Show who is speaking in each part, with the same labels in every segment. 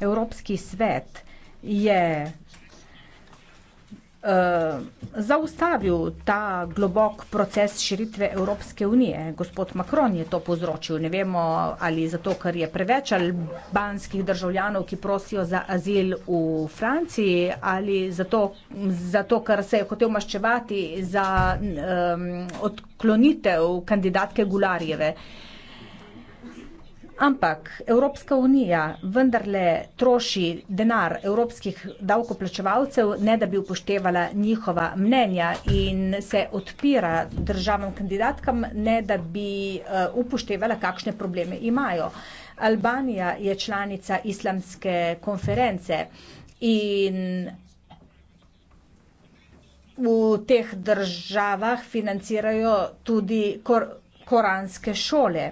Speaker 1: Evropski svet je Uh, zaustavil ta globok proces širitve Evropske unije. Gospod Macron je to povzročil. Ne vemo, ali zato, ker je preveč albanskih državljanov, ki prosijo za azil v Franciji, ali zato, zato ker se je hotel maščevati za um, odklonitev kandidatke Gularjeve. Uh, Ampak Evropska unija vendarle troši denar evropskih davkoplačevalcev, ne da bi upoštevala njihova mnenja in se odpira državam kandidatkam, ne da bi eh, upoštevala, kakšne probleme imajo. Albanija je članica islamske konference in v teh državah financirajo tudi kor koranske šole.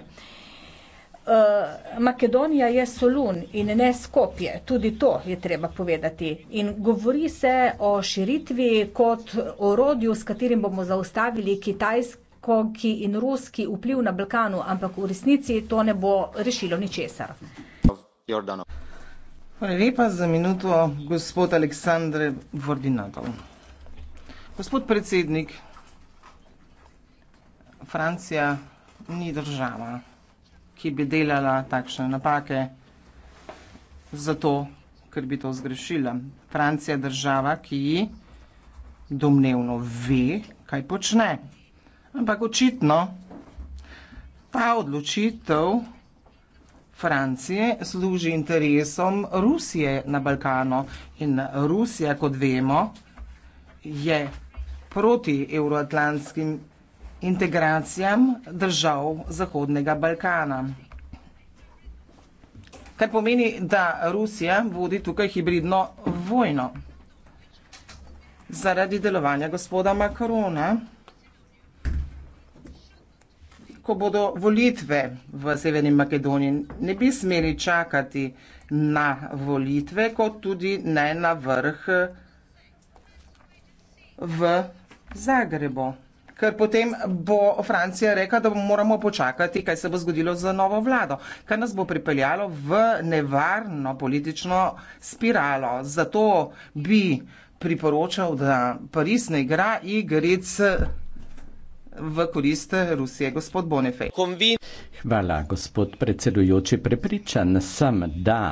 Speaker 1: Eh, Makedonija je Solun in ne Skopje, tudi to je treba povedati. In govori se o širitvi kot orodju, s katerim bomo zaustavili kitajsko in ruski vpliv na Balkanu, ampak v resnici to ne bo rešilo ničesar.
Speaker 2: Hvala lepa za minuto, gospod Aleksandr Vordinatov. Gospod predsednik, Francija ni država ki bi delala takšne napake, zato ker bi to zgrešila. Francija je država, ki domnevno ve, kaj počne. Ampak očitno ta odločitev Francije služi interesom Rusije na Balkanu in Rusija, kot vemo, je proti euroatlantskim integracijam držav Zahodnega Balkana. Kar pomeni, da Rusija vodi tukaj hibridno vojno zaradi delovanja gospoda Makrona, ko bodo volitve v Severni Makedoniji. Ne bi smeli čakati na volitve, kot tudi ne na vrh v Zagrebo ker potem bo Francija rekla, da moramo počakati, kaj se bo zgodilo z novo vlado, kar nas bo pripeljalo v nevarno politično spiralo. Zato bi priporočal, da Pariz ne igra igric v korist Rusije, gospod Bonifej.
Speaker 3: Hvala, gospod predsedujoči. Prepričan sem, da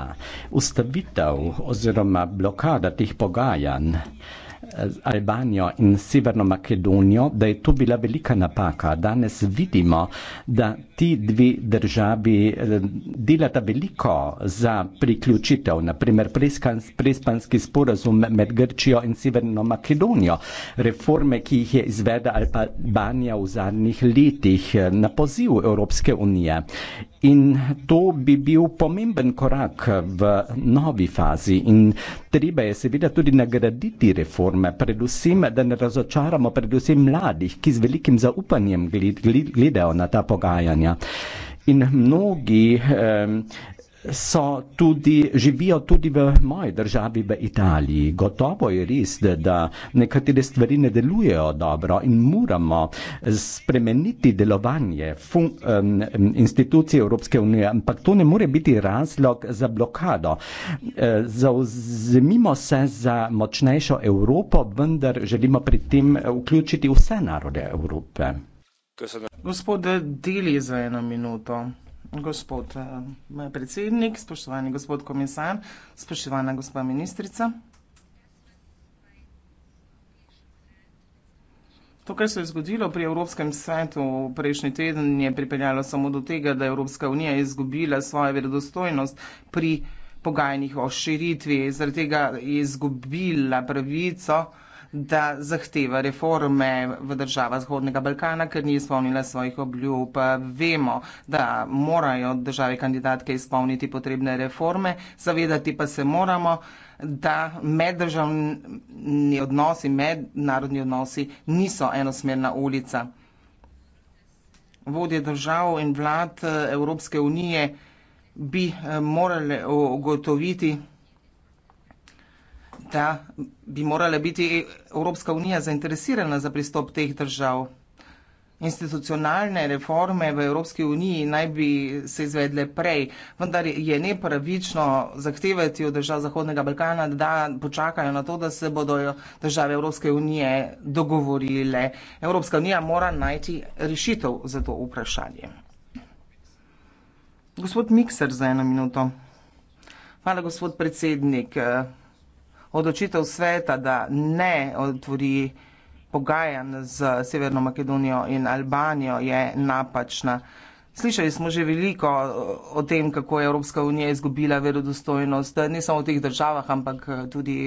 Speaker 3: ustavitev oziroma blokada teh pogajanj Albanijo in Severno Makedonijo, da je to bila velika napaka. Danes vidimo, da ti dve državi eh, delata veliko za priključitev, naprimer prespanski sporazum med Grčijo in Severno Makedonijo, reforme, ki jih je izvedla Albanija v zadnjih letih eh, na poziv Evropske unije. In to bi bil pomemben korak v novi fazi in treba je seveda tudi nagraditi reforme firme, predvsem, da ne razočaramo predvsem mladih, ki z velikim zaupanjem gledajo na ta pogajanja. In mnogi eh, so tudi, živijo tudi v moji državi, v Italiji. Gotovo je res, da nekatere stvari ne delujejo dobro in moramo spremeniti delovanje fun, um, institucij Evropske unije, ampak to ne more biti razlog za blokado. E, Zauzemimo se za močnejšo Evropo, vendar želimo pri tem vključiti vse narode Evrope.
Speaker 2: Gospod Deli za eno minuto gospod eh, predsednik, spoštovani gospod komisar, spoštovana gospa ministrica. To, kar se je zgodilo pri Evropskem svetu prejšnji teden, je pripeljalo samo do tega, da je Evropska unija izgubila svojo verodostojnost pri pogajanjih o širitvi, zaradi tega je izgubila pravico da zahteva reforme v država Zhodnega Balkana, ker ni izpolnila svojih obljub. Vemo, da morajo države kandidatke izpolniti potrebne reforme, zavedati pa se moramo, da meddržavni odnosi, mednarodni odnosi niso enosmerna ulica. Vodje držav in vlad Evropske unije bi eh, morali ugotoviti, da bi morala biti Evropska unija zainteresirana za pristop teh držav. Institucionalne reforme v Evropski uniji naj bi se izvedle prej, vendar je nepravično zahtevati od držav Zahodnega Balkana, da počakajo na to, da se bodo države Evropske unije dogovorile. Evropska unija mora najti rešitev za to vprašanje. Gospod Mikser, za eno minuto. Hvala, gospod predsednik odločitev sveta, da ne otvori pogajanj z Severno Makedonijo in Albanijo, je napačna. Slišali smo že veliko o tem, kako je Evropska unija izgubila verodostojnost, ne samo v teh državah, ampak tudi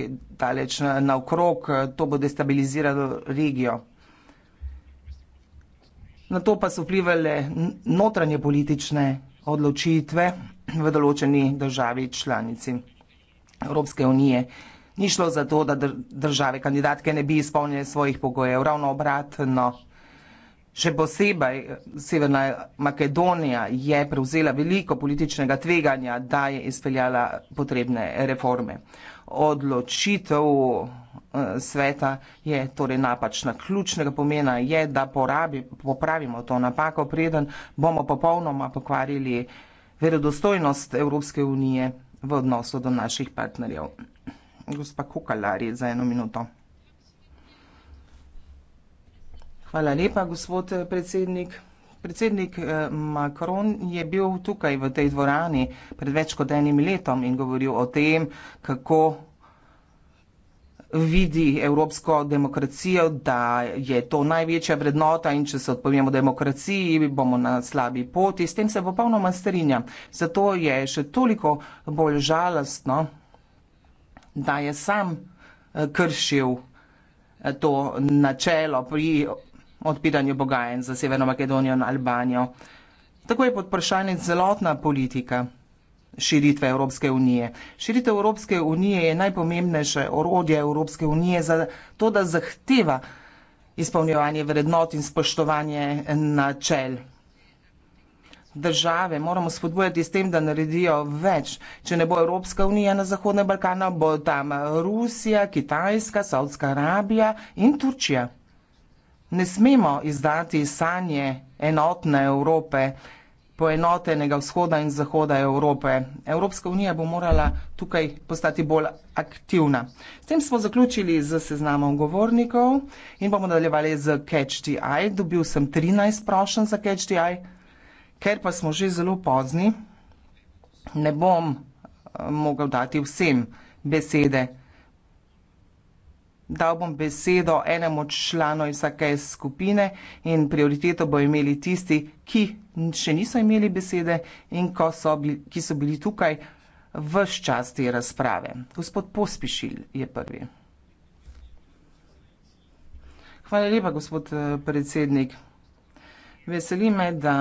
Speaker 2: daleč naokrog. To bo destabiliziralo regijo. Na to pa so vplivali notranje politične odločitve v določeni državi članici Evropske unije. Ni šlo za to, da države kandidatke ne bi izpolnile svojih pogojev, ravno obratno. Še posebej eh, Severna Makedonija je prevzela veliko političnega tveganja, da je izpeljala potrebne reforme. Odločitev eh, sveta je torej napačna. Ključnega pomena je, da porabi, popravimo to napako, preden bomo popolnoma pokvarili verodostojnost Evropske unije v odnosu do naših partnerjev gospa Kokalari za eno minuto. Hvala lepa, gospod eh, predsednik. Predsednik eh, Macron je bil tukaj v tej dvorani pred več kot enim letom in govoril o tem, kako vidi evropsko demokracijo, da je to največja vrednota in če se odpovemo demokraciji, bomo na slabi poti. S tem se popolnoma strinjam. Zato je še toliko bolj žalostno, da je sam eh, kršil eh, to načelo pri odpiranju pogajanj za Severno Makedonijo in Albanijo. Tako je pod vprašanje celotna politika širitve Evropske unije. Širitev Evropske unije je najpomembnejše orodje Evropske unije za to, da zahteva izpolnjevanje vrednot in spoštovanje načel države moramo spodbujati s tem, da naredijo več. Če ne bo Evropska unija na Zahodnem Balkanu, bo tam Rusija, Kitajska, Saudska Arabija in Turčija. Ne smemo izdati sanje enotne Evrope, poenotenega vzhoda in zahoda Evrope. Evropska unija bo morala tukaj postati bolj aktivna. S tem smo zaključili z seznamom govornikov in bomo nadaljevali z Catch the Eye. Dobil sem 13 prošen za Catch the Eye. Ker pa smo že zelo pozni, ne bom eh, mogel dati vsem besede. Dal bom besedo enemu članu iz vsake skupine in prioriteto bo imeli tisti, ki še niso imeli besede in ko so bili, ki so bili tukaj vš čas te razprave. Gospod Pospišil je prvi. Hvala lepa, gospod eh, predsednik. Veseli me, da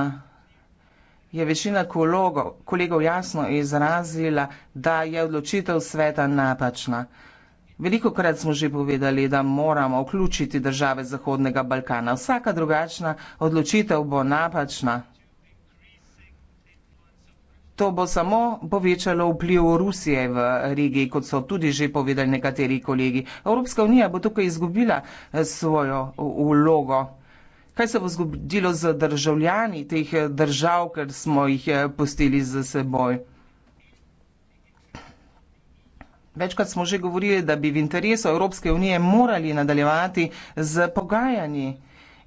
Speaker 2: je večina kolegov, kolegov jasno izrazila, da je odločitev sveta napačna. Veliko krat smo že povedali, da moramo vključiti države Zahodnega Balkana. Vsaka drugačna odločitev bo napačna. To bo samo povečalo vpliv Rusije v regiji, kot so tudi že povedali nekateri kolegi. Evropska unija bo tukaj izgubila eh, svojo eh, vlogo kaj se bo zgodilo z državljani teh eh, držav, ker smo jih eh, pustili za seboj. Večkrat smo že govorili, da bi v interesu Evropske unije morali nadaljevati z pogajanji.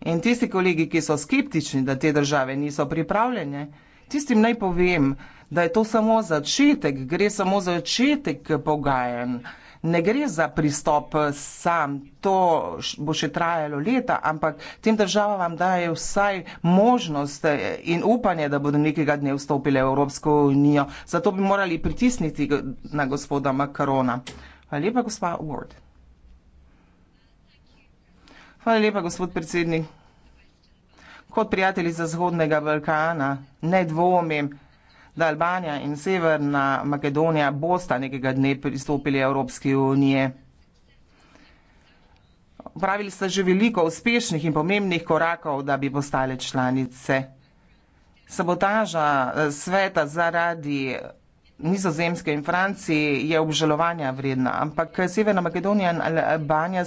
Speaker 2: In tisti kolegi, ki so skeptični, da te države niso pripravljene, tistim naj povem, da je to samo začetek, gre samo začetek pogajanj ne gre za pristop sam, to bo še trajalo leta, ampak tem državam vam daje vsaj možnost eh, in upanje, da bodo nekega dne vstopile v Evropsko unijo. Zato bi morali pritisniti na gospoda Makarona. Hvala lepa, gospa Ward. Hvala lepa, gospod predsednik. Kot prijatelji za Zahodnega Balkana, ne dvomim, da da Albanija in Severna Makedonija bosta nekega dne pristopili Evropski uniji. Pravili ste že veliko uspešnih in pomembnih korakov, da bi postale članice. Sabotaža eh, sveta zaradi nizozemske in Francije je obžalovanja vredna, ampak Severna Makedonija in Albanija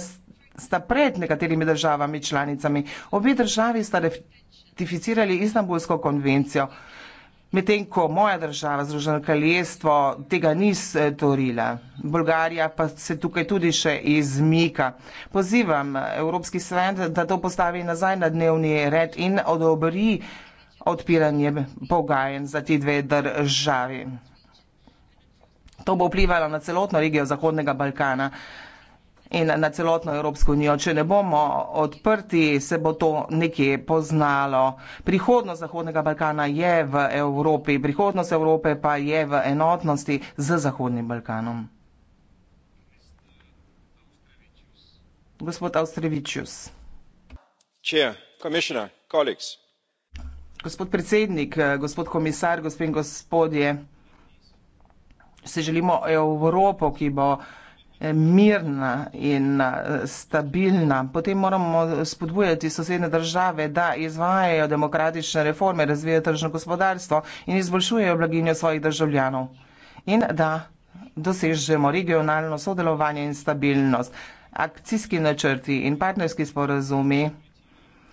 Speaker 2: sta pred nekaterimi državami članicami. Obe državi sta ratificirali Istanbulsko konvencijo. Medtem ko moja država, Združeno kraljestvo, tega ni eh, storila, Bolgarija pa se tukaj tudi še izmika. Pozivam eh, Evropski svet, da to postavi nazaj na dnevni red in odobri odpiranje pogajanj za ti dve državi. To bo vplivalo na celotno regijo Zahodnega Balkana in na celotno Evropsko unijo. Če ne bomo odprti, se bo to nekje poznalo. Prihodnost Zahodnega Balkana je v Evropi, prihodnost Evrope pa je v enotnosti z Zahodnim Balkanom. Gospod Austrevičius.
Speaker 1: Chair, Commissioner, colleagues.
Speaker 2: Gospod predsednik, gospod komisar, gospod in gospodje, se želimo Evropo, ki bo uh, Eh, mirna in eh, stabilna. Potem moramo spodbujati sosedne države, da izvajajo demokratične reforme, razvijajo tržno gospodarstvo in izboljšujejo blaginjo svojih državljanov. In da dosežemo regionalno sodelovanje in stabilnost. Akcijski načrti in partnerski sporazumi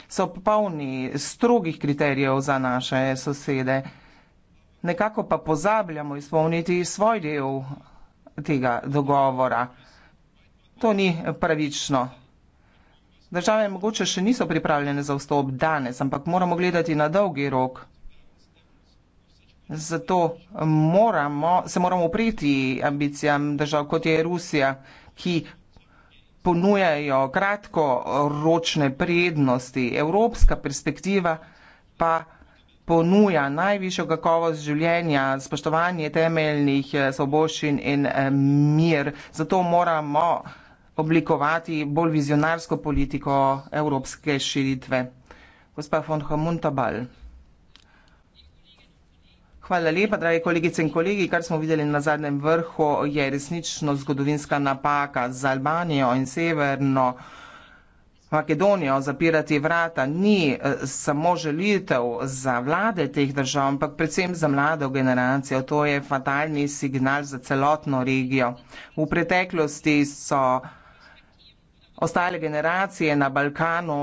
Speaker 2: so popolni strogih kriterijev za naše sosede. Nekako pa pozabljamo izpolniti svoj del tega dogovora. To ni pravično. Države mogoče še niso pripravljene za vstop danes, ampak moramo gledati na dolgi rok. Zato moramo, se moramo upreti ambicijam držav, kot je Rusija, ki ponujajo kratkoročne prednosti. Evropska perspektiva pa ponuja najvišjo kakovost življenja, spoštovanje temeljnih eh, svoboščin in eh, mir. Zato moramo oblikovati bolj vizionarsko politiko evropske širitve. Gospa von Hamuntabal. Hvala lepa, dragi kolegice in kolegi. Kar smo videli na zadnjem vrhu, je resnično zgodovinska napaka za Albanijo in severno. Makedonijo zapirati vrata ni eh, samo želitev za vlade teh držav, ampak predvsem za mlado generacijo. To je fatalni signal za celotno regijo. V preteklosti so ostale generacije na Balkanu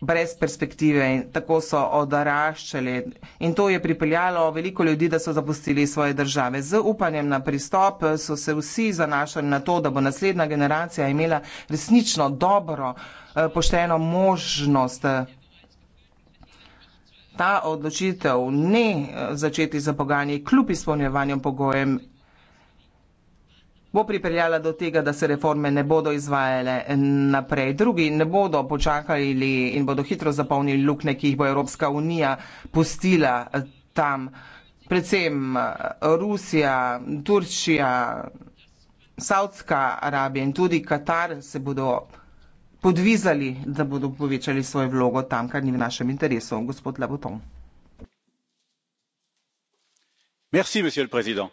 Speaker 2: brez perspektive in tako so odaraščali. In to je pripeljalo veliko ljudi, da so zapustili svoje države. Z upanjem na pristop so se vsi zanašali na to, da bo naslednja generacija imela resnično dobro, eh, pošteno možnost. Ta odločitev ne eh, začeti za poganje kljub izpolnjevanju pogojem bo pripeljala do tega, da se reforme ne bodo izvajale naprej. Drugi ne bodo počakali in bodo hitro zapolnili lukne, ki jih bo Evropska unija pustila tam. Predvsem eh, Rusija, Turčija, Saudska Arabija in tudi Katar se bodo podvizali, da bodo povečali svojo vlogo tam, kar ni v našem interesu. Gospod Laboton.
Speaker 3: Merci, monsieur le président.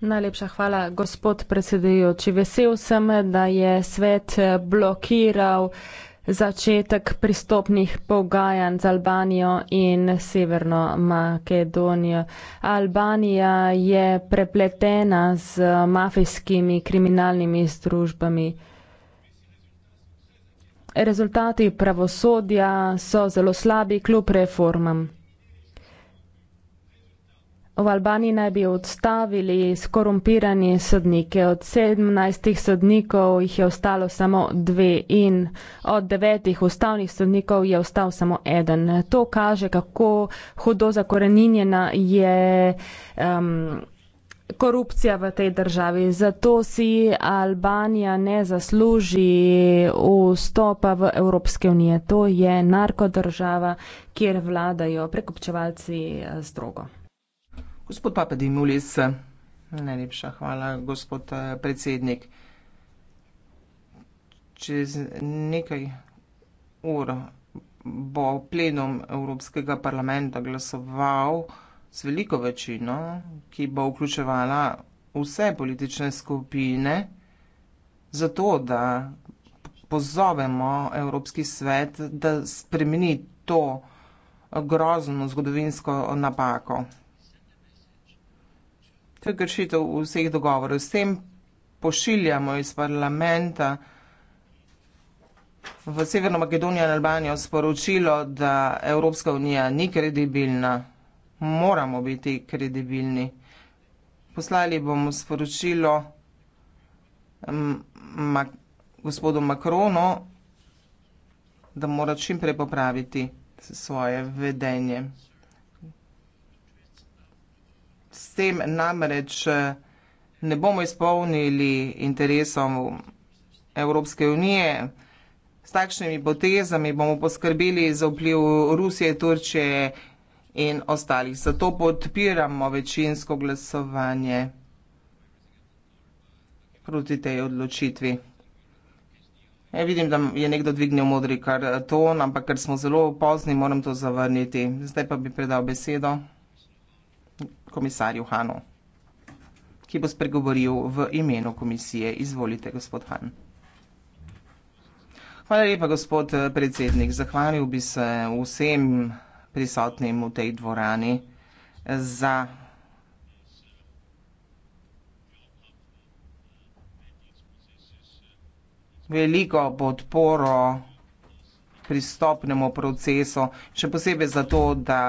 Speaker 2: Najlepša hvala, gospod predsedujoči.
Speaker 4: Vesel sem, da je svet eh, blokiral začetek pristopnih pogajanj z Albanijo in Severno Makedonijo. Albanija je prepletena z mafijskimi kriminalnimi združbami. Rezultati pravosodja so zelo slabi kljub reformam. V Albaniji naj bi odstavili skorumpirane sodnike. Od sedemnajstih sodnikov jih je ostalo samo dve in od devetih ustavnih sodnikov je ostal samo eden. To kaže, kako hudo zakoreninjena je um, korupcija v tej državi. Zato si Albanija ne zasluži vstopa v Evropske unije. To je narkodržava, kjer vladajo prekupčevalci z eh, drogo.
Speaker 2: Gospod Papadi Mulis, najlepša hvala, gospod eh, predsednik. Čez nekaj ur bo plenom Evropskega parlamenta glasoval z veliko večino, ki bo vključevala vse politične skupine, zato da pozovemo Evropski svet, da spremeni to grozno zgodovinsko napako. To je kršitev vseh dogovorov. S tem pošiljamo iz parlamenta v Severno Makedonijo in Albanijo sporočilo, da Evropska unija ni kredibilna. Moramo biti kredibilni. Poslali bomo sporočilo Mak gospodu Makronu, da mora čimprej popraviti svoje vedenje. S tem namreč eh, ne bomo izpolnili interesom Evropske unije. S takšnimi potezami bomo poskrbeli za vpliv Rusije, Turčije in ostalih. Zato podpiramo večinsko glasovanje proti tej odločitvi. Ja, vidim, da je nekdo dvignil modri karton, ampak ker smo zelo pozni, moram to zavrniti. Zdaj pa bi predal besedo komisarju Hanu, ki bo spregovoril v imenu komisije. Izvolite, gospod Han. Hvala lepa, gospod eh, predsednik. Zahvalil bi se vsem prisotnim v tej dvorani eh, za veliko podporo pristopnemu procesu, še posebej zato, da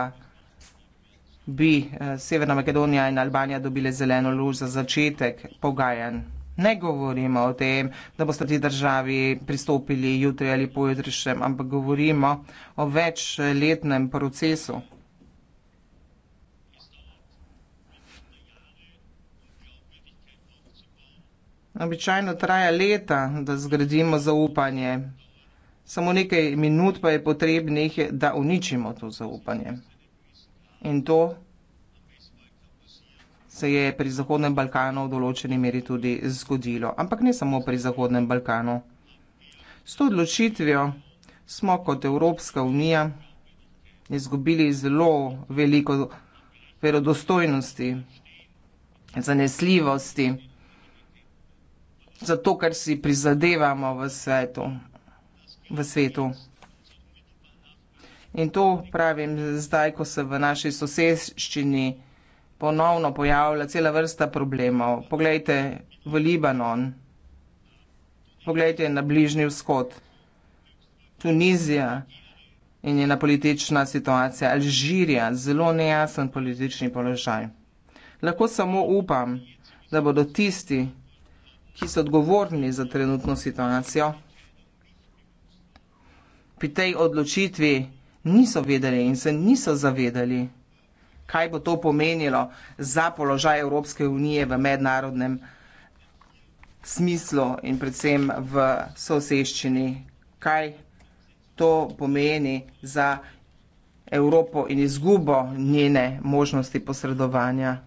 Speaker 2: bi eh, Severna Makedonija in Albanija dobile zeleno luč za začetek pogajanj. Ne govorimo o tem, da boste ti državi pristopili jutri ali pojutrišnjem, ampak govorimo o večletnem procesu. Običajno traja leta, da zgradimo zaupanje. Samo nekaj minut pa je potrebnih, da uničimo to zaupanje in to se je pri Zahodnem Balkanu v določeni meri tudi zgodilo. Ampak ne samo pri Zahodnem Balkanu. S to odločitvijo smo kot Evropska unija izgubili zelo veliko verodostojnosti, zanesljivosti za to, kar si prizadevamo v svetu. V svetu. In to pravim zdaj, ko se v naši soseščini ponovno pojavlja cela vrsta problemov. Poglejte v Libanon, poglejte na Bližnji vzhod, Tunizija in njena politična situacija, Alžirija, zelo nejasen politični položaj. Lahko samo upam, da bodo tisti, ki so odgovorni za trenutno situacijo, pri tej odločitvi, niso vedeli in se niso zavedali, kaj bo to pomenilo za položaj Evropske unije v mednarodnem smislu in predvsem v soseščini, kaj to pomeni za Evropo in izgubo njene možnosti posredovanja.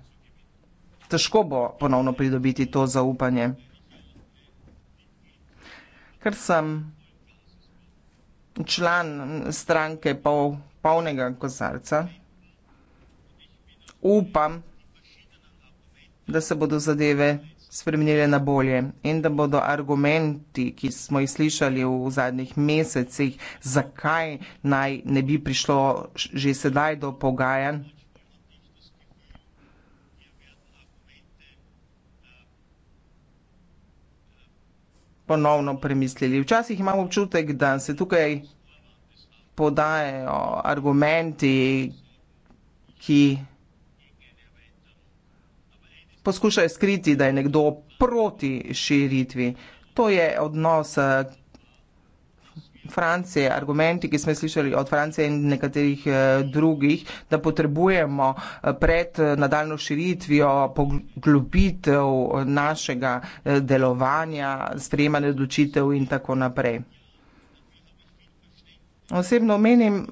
Speaker 2: Težko bo ponovno pridobiti to zaupanje. Ker sem član stranke pol, polnega kozarca. Upam, da se bodo zadeve spremenile na bolje in da bodo argumenti, ki smo jih slišali v zadnjih mesecih, zakaj naj ne bi prišlo že sedaj do pogajanj, ponovno premislili. Včasih imamo občutek, da se tukaj podajajo argumenti, ki poskušajo skriti, da je nekdo proti širitvi. To je odnos, Francije, argumenti, ki smo jih slišali od Francije in nekaterih eh, drugih, da potrebujemo eh, pred eh, nadaljno širitvijo poglobitev eh, našega eh, delovanja, sprejemanja odločitev in tako naprej. Osebno menim,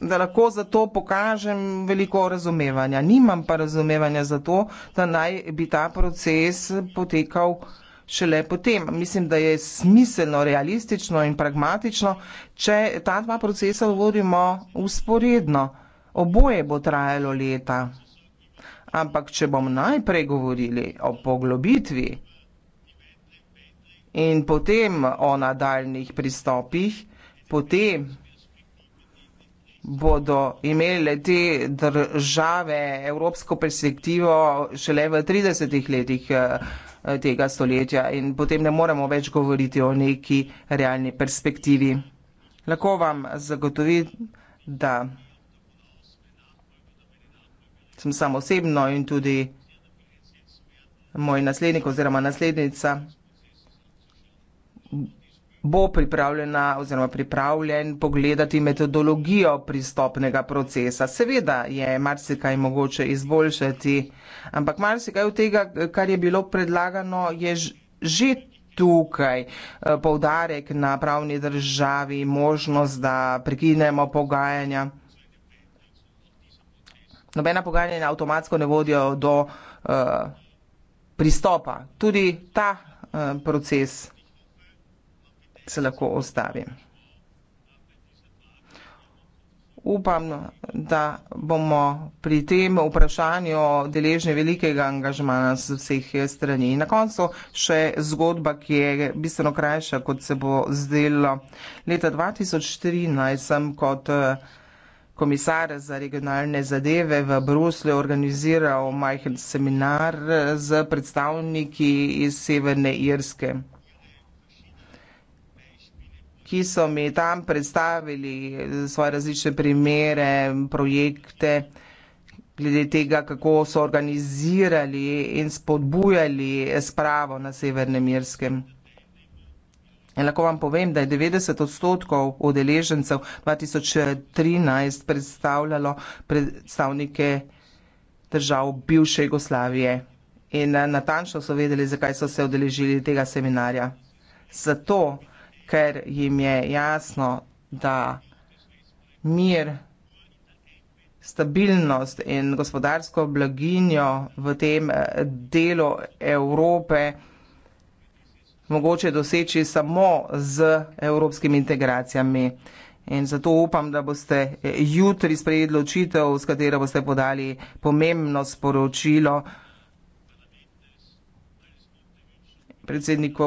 Speaker 2: da lahko za to pokažem veliko razumevanja. Nimam pa razumevanja za to, da naj bi ta proces potekal šele potem. Mislim, da je smiselno, realistično in pragmatično, če ta dva procesa vodimo usporedno. Oboje bo trajalo leta. Ampak, če bom najprej govorili o poglobitvi in potem o nadaljnih pristopih, potem bodo imele te države evropsko perspektivo šele v 30 letih. Uh, Eh, tega stoletja in potem ne moremo več govoriti o neki realni perspektivi. Lahko vam zagotovi, da sem samo osebno in tudi moj naslednik oziroma naslednica bo pripravljena oziroma pripravljen pogledati metodologijo pristopnega procesa. Seveda je marsikaj mogoče izboljšati, ampak marsikaj od tega, kar je bilo predlagano, je že tukaj eh, poudarek na pravni državi, možnost, da prekinemo pogajanja. Nobena pogajanja avtomatsko ne vodijo do uh, pristopa. Tudi ta uh, proces se lahko ostavim. Upam, da bomo pri tem vprašanju deležni velikega angažmana z vseh strani. In na koncu še zgodba, ki je bistveno krajša, kot se bo zdelo. Leta 2014 sem kot eh, komisar za regionalne zadeve v Bruslju organiziral majhen seminar z eh, predstavniki iz Severne Irske ki so mi tam predstavili svoje različne primere, projekte, glede tega, kako so organizirali in spodbujali spravo na Severnem Irskem. In lahko vam povem, da je 90 odstotkov udeležencev 2013 predstavljalo predstavnike držav bivše Jugoslavije. In eh, natančno so vedeli, zakaj so se odeležili tega seminarja. Zato ker jim je jasno, da mir, stabilnost in gospodarsko blaginjo v tem eh, delu Evrope mogoče doseči samo z evropskimi integracijami. In zato upam, da boste eh, jutri sprejeli odločitev, s katero boste podali pomembno sporočilo predsedniku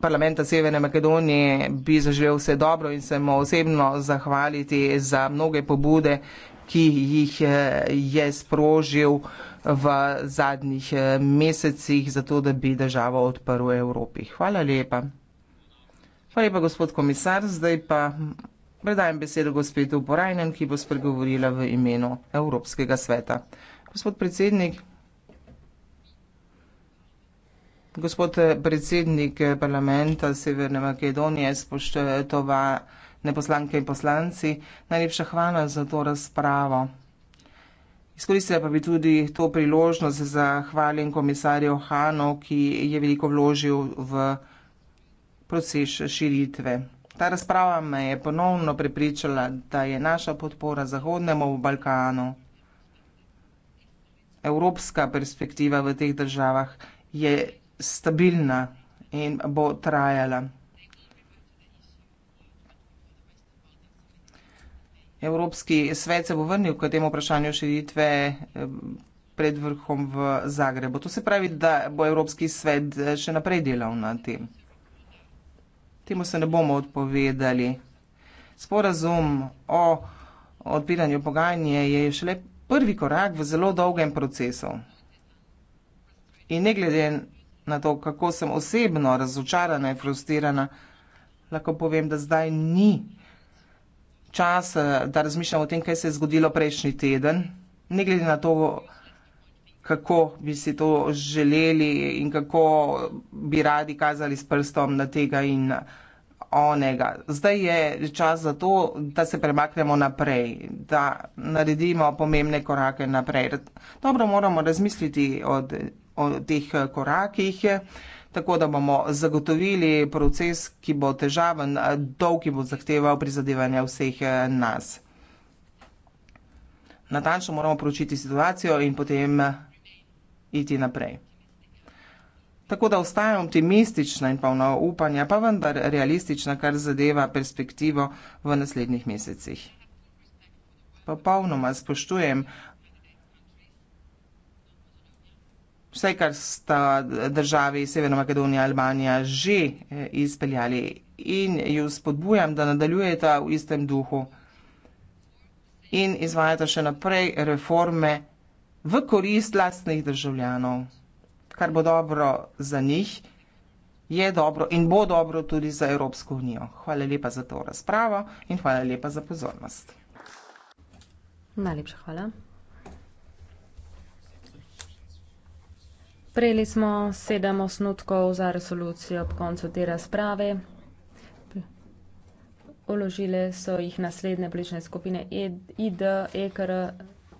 Speaker 2: parlamenta Severne Makedonije bi zaželel vse dobro in se mu osebno zahvaliti za mnoge pobude, ki jih eh, je sprožil v zadnjih eh, mesecih, zato da bi državo odprl v Evropi. Hvala lepa. Hvala lepa, gospod komisar. Zdaj pa predajem besedo gospodu Borajnen, ki bo spregovorila v imenu Evropskega sveta. Gospod predsednik, Gospod predsednik parlamenta Severne Makedonije, spoštovane poslanke in poslanci, najlepša hvala za to razpravo. Izkoristila pa bi tudi to priložnost za hvalim komisarju Hanu, ki je veliko vložil v proces širitve. Ta razprava me je ponovno prepričala, da je naša podpora Zahodnemu Balkanu, evropska perspektiva v teh državah je stabilna in bo trajala. Evropski svet se bo vrnil k temu vprašanju širitve eh, pred vrhom v Zagrebu. To se pravi, da bo Evropski svet eh, še naprej delal na tem. Temu se ne bomo odpovedali. Sporazum o odpiranju pogajanja je šele prvi korak v zelo dolgem procesu. In ne glede na to, kako sem osebno razočarana in frustrirana, lahko povem, da zdaj ni čas, da razmišljam o tem, kaj se je zgodilo prejšnji teden, ne glede na to, kako bi si to želeli in kako bi radi kazali s prstom na tega in onega. Zdaj je čas za to, da se premaknemo naprej, da naredimo pomembne korake naprej. Dobro moramo razmisliti od o teh eh, korakih. Eh, tako da bomo zagotovili proces, ki bo težaven, eh, dolg, ki bo zahteval prizadevanje vseh nas. Natančno moramo pročiti situacijo in potem iti naprej. Tako da ostajam optimistična in polna upanja, pa vendar realistična, kar zadeva perspektivo v naslednjih mesecih. Popolnoma spoštujem vse, kar sta državi Severna Makedonija in Albanija že eh, izpeljali in ju spodbujam, da nadaljujeta v istem duhu in izvajata še naprej reforme v korist lastnih državljanov, kar bo dobro za njih, je dobro in bo dobro tudi za Evropsko unijo. Hvala lepa za to razpravo in hvala lepa za pozornost.
Speaker 4: Najlepša hvala. Prejeli smo sedem osnutkov za resolucijo ob koncu te razprave. Uložile so jih naslednje politične skupine ED, ID, EKR,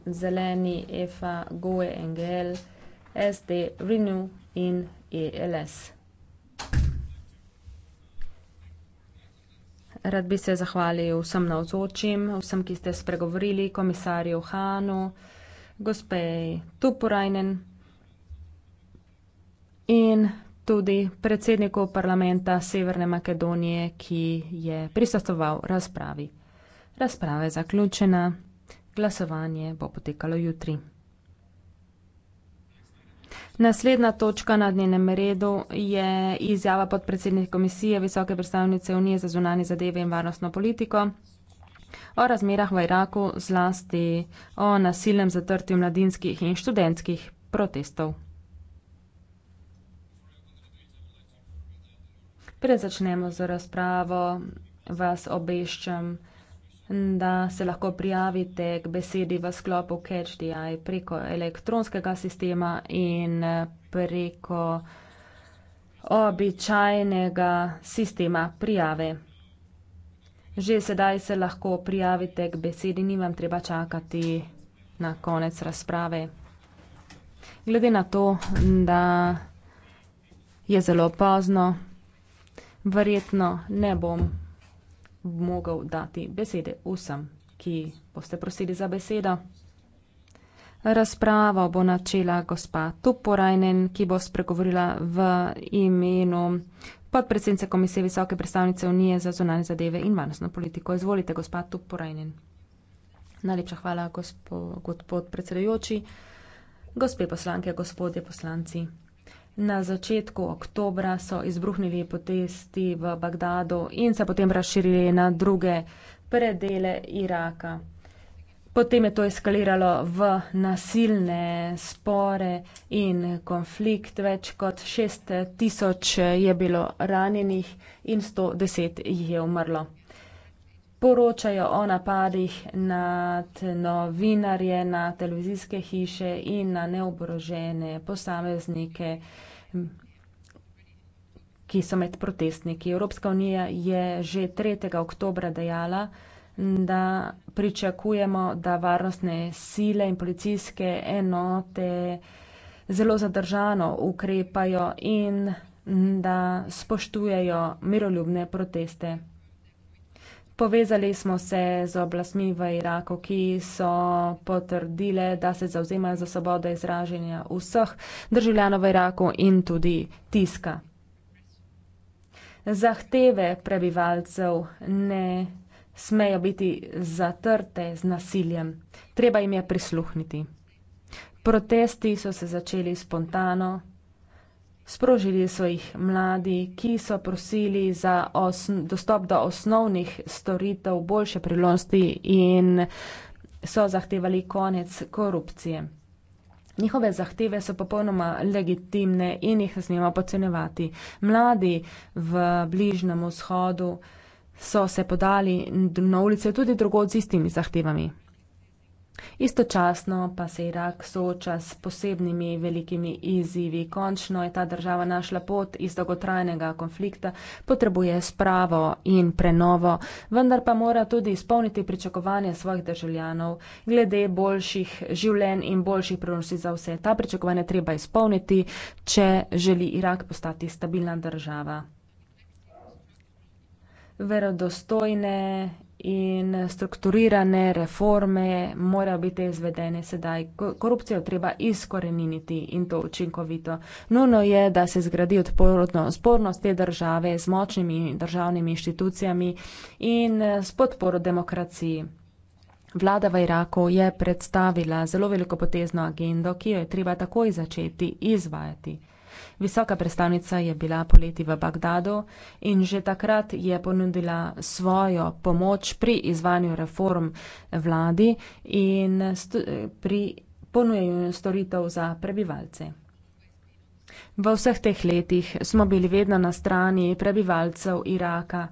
Speaker 4: Zeleni, EFA, GOE, NGL, SD, RENEW in ELS. Rad bi se zahvalil vsem navzočim, vsem, ki ste spregovorili, komisarju Hanu, gospej Tupurajnen in tudi predsedniku parlamenta Severne Makedonije, ki je prisostoval razpravi. Razprava je zaključena, glasovanje bo potekalo jutri. Naslednja točka na dnevnem redu je izjava podpredsednik komisije Visoke predstavnice Unije za zunanje zadeve in varnostno politiko o razmerah v Iraku, zlasti o nasilnem zatrtju mladinskih in študentskih protestov. Preden začnemo z razpravo, vas obeščam, da se lahko prijavite k besedi v sklopu CatchDI preko elektronskega sistema in preko običajnega sistema prijave. Že sedaj se lahko prijavite k besedi, ni vam treba čakati na konec razprave. Glede na to, da je zelo pozno, verjetno ne bom mogel dati besede vsem, ki boste prosili za besedo. Razpravo bo načela gospa Tuporajnen, ki bo spregovorila v imenu podpredsednice Komisije Visoke predstavnice Unije za zunanje zadeve in varnostno politiko. Izvolite, gospa Tuporajnen. Najlepša hvala, gospod podpredsedujoči, gospe poslanke, gospodje poslanci. Na začetku oktobra so izbruhnili potesti v Bagdadu in se potem razširili na druge predele Iraka. Potem je to eskaliralo v nasilne spore in konflikt. Več kot 6 tisoč je bilo ranjenih in 110 jih je umrlo poročajo o napadih na novinarje, na televizijske hiše in na neoborožene posameznike, ki so med protestniki. Evropska unija je že 3. oktobra dejala, da pričakujemo, da varnostne sile in policijske enote zelo zadržano ukrepajo in da spoštujejo miroljubne proteste. Povezali smo se z oblastmi v Iraku, ki so potrdile, da se zauzemajo za svobodo izražanja vseh državljanov v Iraku in tudi tiska. Zahteve prebivalcev ne smejo biti zatrte z nasiljem. Treba jim je prisluhniti. Protesti so se začeli spontano, Sprožili so jih mladi, ki so prosili za osn, dostop do osnovnih storitev, boljše priložnosti in so zahtevali konec korupcije. Njihove zahteve so popolnoma legitimne in jih ne smemo podcenevati. Mladi v bližnjem vzhodu so se podali na ulice tudi drugod z istimi zahtevami. Istočasno pa se Irak sooča s posebnimi velikimi izzivi. Končno je ta država našla pot iz dolgotrajnega konflikta, potrebuje spravo in prenovo, vendar pa mora tudi izpolniti pričakovanja svojih državljanov glede boljših življenj in boljših prenosi za vse. Ta pričakovanja treba izpolniti, če želi Irak postati stabilna država. Verodostojne in strukturirane reforme morajo biti izvedene sedaj. Korupcijo treba izkoreniniti in to učinkovito. Nuno je, da se zgradi odporno spornost te države z močnimi državnimi inštitucijami in s podporo demokraciji. Vlada v Iraku je predstavila zelo veliko potezno agendo, ki jo je treba takoj začeti izvajati. Visoka predstavnica je bila poleti v Bagdadu in že takrat je ponudila svojo pomoč pri izvanju reform vladi in pri ponujanju storitev za prebivalce. V vseh teh letih smo bili vedno na strani prebivalcev Iraka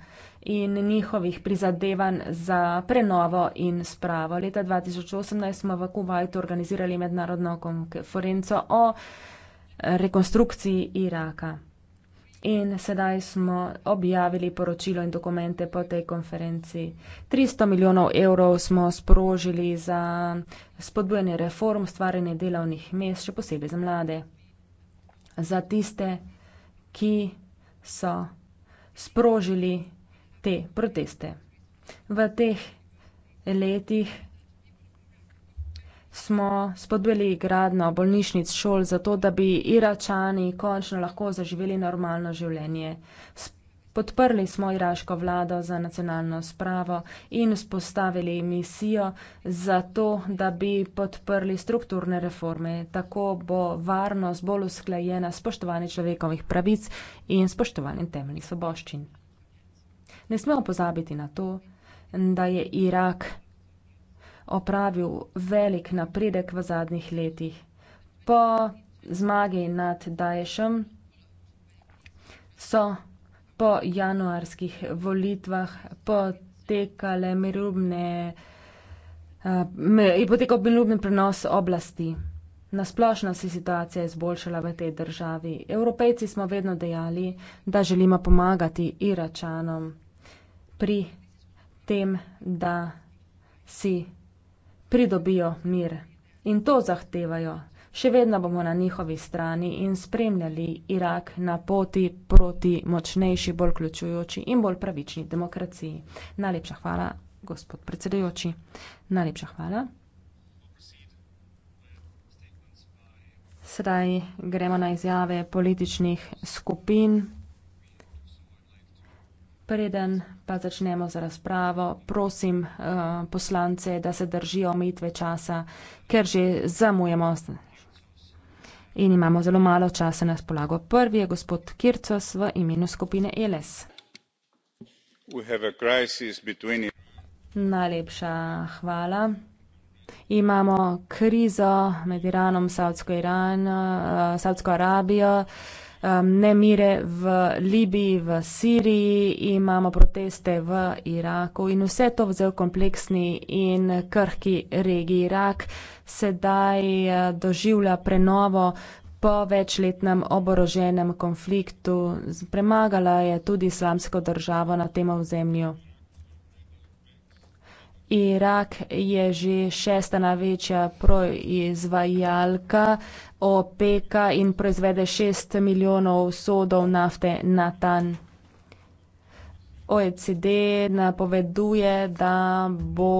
Speaker 4: in njihovih prizadevanj za prenovo in spravo. Leta 2018 smo v Kuwaitu organizirali mednarodno konferenco o rekonstrukciji Iraka. In sedaj smo objavili poročilo in dokumente po tej konferenci. 300 milijonov evrov smo sprožili za spodbujanje reform, stvarjanje delovnih mest, še posebej za mlade. Za tiste, ki so sprožili te proteste. V teh letih smo spodbujali gradno bolnišnic šol zato, da bi iračani končno lahko zaživeli normalno življenje. Podprli smo iraško vlado za nacionalno spravo in spostavili misijo zato, da bi podprli strukturne reforme. Tako bo varnost bolj usklajena s spoštovanjem človekovih pravic in spoštovanjem temeljnih svoboščin. Ne smemo pozabiti na to, da je Irak opravil velik napredek v zadnjih letih. Po zmagi nad Daješem so po januarskih volitvah potekale mirubne, eh, je potekal mirubni prenos oblasti. Na splošno se situacija izboljšala v tej državi. Evropejci smo vedno dejali, da želimo pomagati Iračanom pri tem, da si pridobijo mir. In to zahtevajo. Še vedno bomo na njihovi strani in spremljali Irak na poti proti močnejši, bolj ključujoči in bolj pravični demokraciji. Najlepša hvala, gospod predsedujoči. Najlepša hvala. Sedaj gremo na izjave političnih skupin. Preden pa začnemo z razpravo, prosim eh, poslance, da se držijo omejitve časa, ker že zamujamo in imamo zelo malo časa na spolago. Prvi je gospod Kircos v imenu skupine ELES. Najlepša hvala. Imamo krizo med Iranom, Saudsko eh, Arabijo um, nemire v Libiji, v Siriji, imamo proteste v Iraku in vse to v zelo kompleksni in krhki regiji. Irak sedaj uh, doživlja prenovo po večletnem oboroženem konfliktu, premagala je tudi islamsko državo na tem ozemlju. Irak je že šesta največja proizvajalka OPEK in proizvede šest milijonov sodov nafte na dan. OECD napoveduje, da bo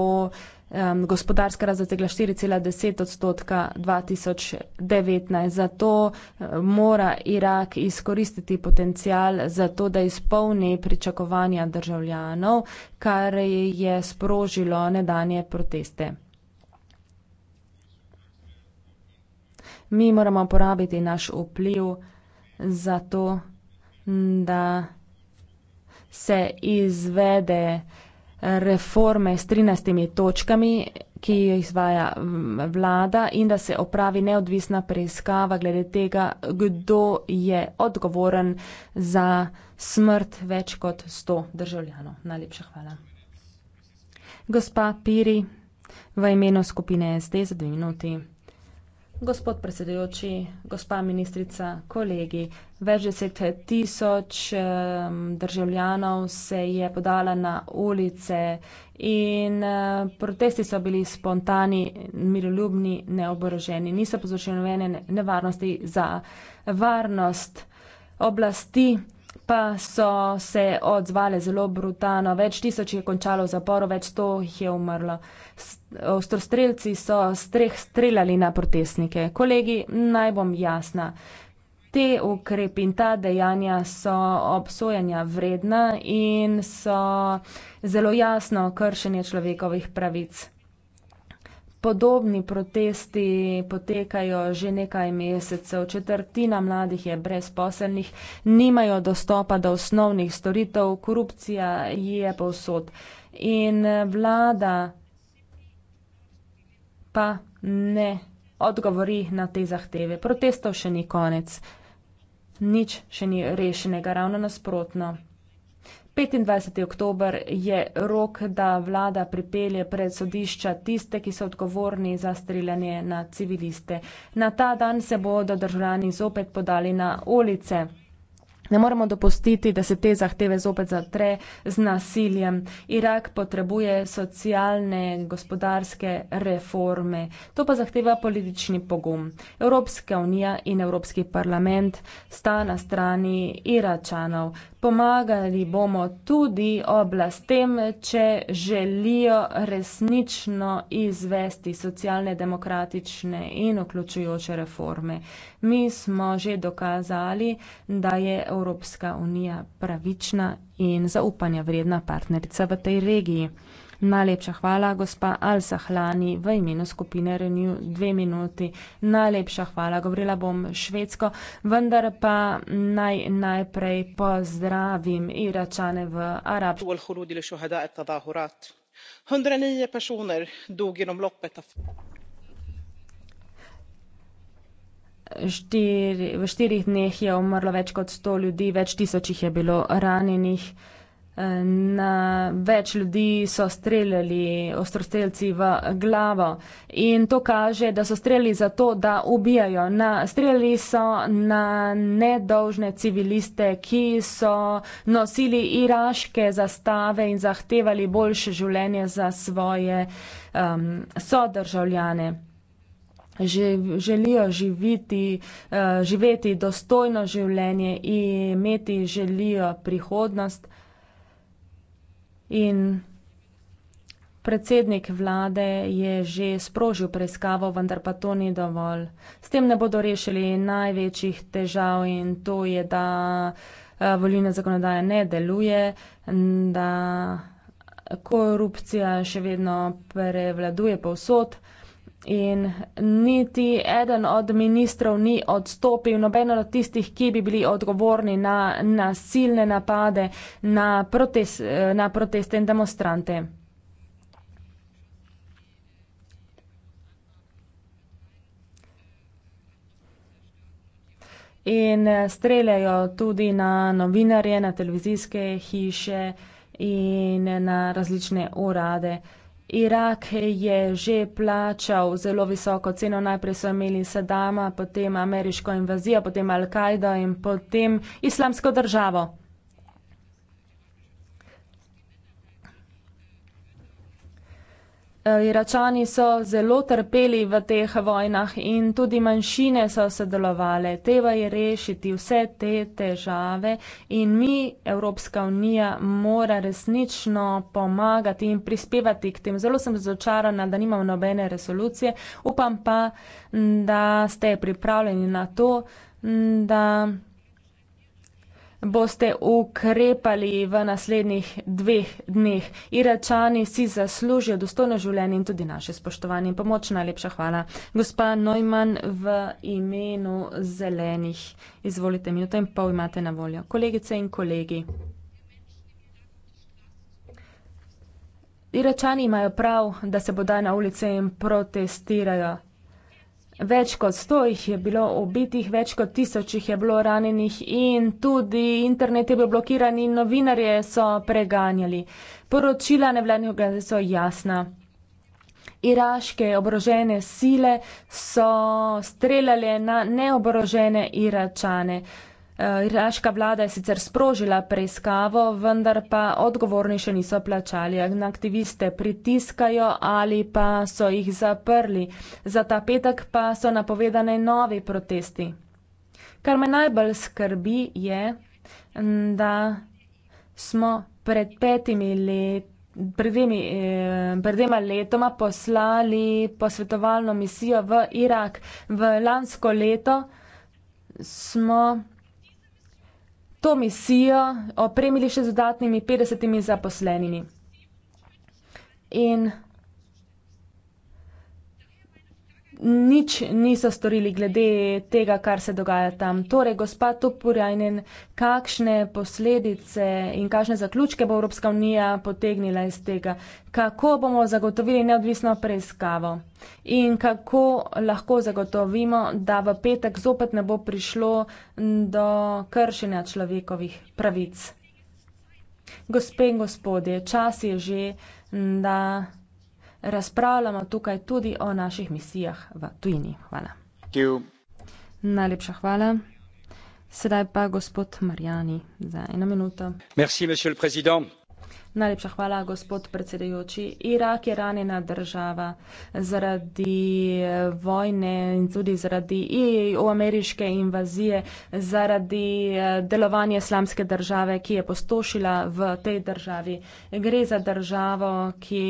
Speaker 4: um, gospodarska rast zategla 4,10 odstotka 2019. Zato eh, mora Irak izkoristiti potencial za to, da izpolni pričakovanja državljanov, kar je sprožilo nedanje proteste. Mi moramo uporabiti naš vpliv za to, da se izvede uh, reforme s 13 točkami, ki jo izvaja mm, vlada in da se opravi neodvisna preiskava glede tega, kdo je odgovoren za smrt več kot 100 državljanov. Najlepša hvala. Gospa Piri, v imenu skupine SD za dve minuti. Gospod predsedujoči, gospa ministrica, kolegi, več deset tisoč državljanov se je podala na ulice in eh, protesti so bili spontani, miroljubni, neoboroženi, niso povzročili nobene nevarnosti za varnost oblasti pa so se odzvale zelo brutalno. Več tisoč je končalo v zaporu, več sto jih je umrlo. Ostrostrelci so streh streljali na protestnike. Kolegi, naj bom jasna. Te ukrepi in ta dejanja so obsojanja vredna in so zelo jasno kršenje človekovih pravic. Podobni protesti potekajo že nekaj mesecev. Četrtina mladih je brezposelnih, nimajo dostopa do osnovnih storitev, korupcija je povsod. In vlada pa ne odgovori na te zahteve. Protestov še ni konec. Nič še ni rešenega, ravno nasprotno. 25. oktober je rok, da vlada pripelje pred sodišča tiste, ki so odgovorni za streljanje na civiliste. Na ta dan se bodo državljani zopet podali na ulice. Ne moremo dopustiti, da se te zahteve zopet zatre z nasiljem. Irak potrebuje socialne, gospodarske reforme. To pa zahteva politični pogum. Evropska unija in Evropski parlament sta na strani Iračanov. Pomagali bomo tudi oblastem, če želijo resnično izvesti socialne, demokratične in vključujoče reforme. Mi smo že dokazali, da je Evropska unija pravična in zaupanja vredna partnerica v tej regiji. Najlepša hvala, gospa Al-Sahlani, v imenu skupine Renew, dve minuti. Najlepša hvala, govorila bom švedsko, vendar pa naj najprej pozdravim iračane v arabščini. Štiri, v štirih dneh je umrlo več kot sto ljudi, več tisoč jih je bilo ranjenih. Na več ljudi so streljali ostrostrelci v glavo in to kaže, da so streljali zato, da ubijajo. Na, streljali so na nedolžne civiliste, ki so nosili iraške zastave in zahtevali boljše življenje za svoje um, sodržavljane. Že, želijo živiti, uh, živeti dostojno življenje in imeti želijo prihodnost. In predsednik vlade je že sprožil preiskavo, vendar pa to ni dovolj. S tem ne bodo rešili največjih težav in to je, da eh, volilna zakonodaja ne deluje, da korupcija še vedno prevladuje povsod in niti eden od ministrov ni odstopil, noben od tistih, ki bi bili odgovorni na nasilne napade na, protest, na proteste in demonstrante. In eh, streljajo tudi na novinarje, na televizijske hiše in eh, na različne urade. Irak je že plačal zelo visoko ceno. Najprej so imeli Sadama, potem ameriško invazijo, potem Al-Kaido in potem islamsko državo. Iračani so zelo trpeli v teh vojnah in tudi manjšine so sodelovali. Treba je rešiti vse te težave in mi, Evropska unija, mora resnično pomagati in prispevati k tem. Zelo sem razočarana, da nimamo nobene resolucije. Upam pa, da ste pripravljeni na to, da boste ukrepali v naslednjih dveh dneh. Iračani si zaslužijo dostojno življenje in tudi naše spoštovanje in pomoč. Najlepša hvala. Gospa Neumann v imenu zelenih. Izvolite, minuto in pol imate na voljo. Kolegice in kolegi. Iračani imajo prav, da se bodo na ulice in protestirajo. Več kot sto jih je bilo ubitih, več kot tisoč jih je bilo ranjenih in tudi internet je bil blokiran in novinarje so preganjali. Poročila nevladnih organizacij so jasna. Iraške oborožene sile so streljale na neoborožene Iračane. Eh, iraška vlada je sicer sprožila preiskavo, vendar pa odgovorni še niso plačali. Aktiviste pritiskajo ali pa so jih zaprli. Za ta petek pa so napovedane novi protesti. Kar me najbolj skrbi je, da smo pred petimi leti. Eh, pred dvema letoma poslali posvetovalno misijo v Irak. V lansko leto smo to misijo opremili še z dodatnimi 50 zaposlenimi. In nič niso storili glede tega, kar se dogaja tam. Torej, gospa Topurjajnen, kakšne posledice in kakšne zaključke bo Evropska unija potegnila iz tega? Kako bomo zagotovili neodvisno preiskavo? In kako lahko zagotovimo, da v petek zopet ne bo prišlo do kršenja človekovih pravic? Gospe in gospodje, čas je že, da razpravljamo tukaj tudi o naših misijah v tujini. Hvala. Najlepša hvala. Sedaj pa gospod Marjani za eno minuto. Merci, Najlepša hvala, gospod predsedujoči. Irak je ranjena država zaradi vojne in tudi zaradi EU ameriške invazije, zaradi eh, delovanja islamske države, ki je postošila v tej državi. Gre za državo, ki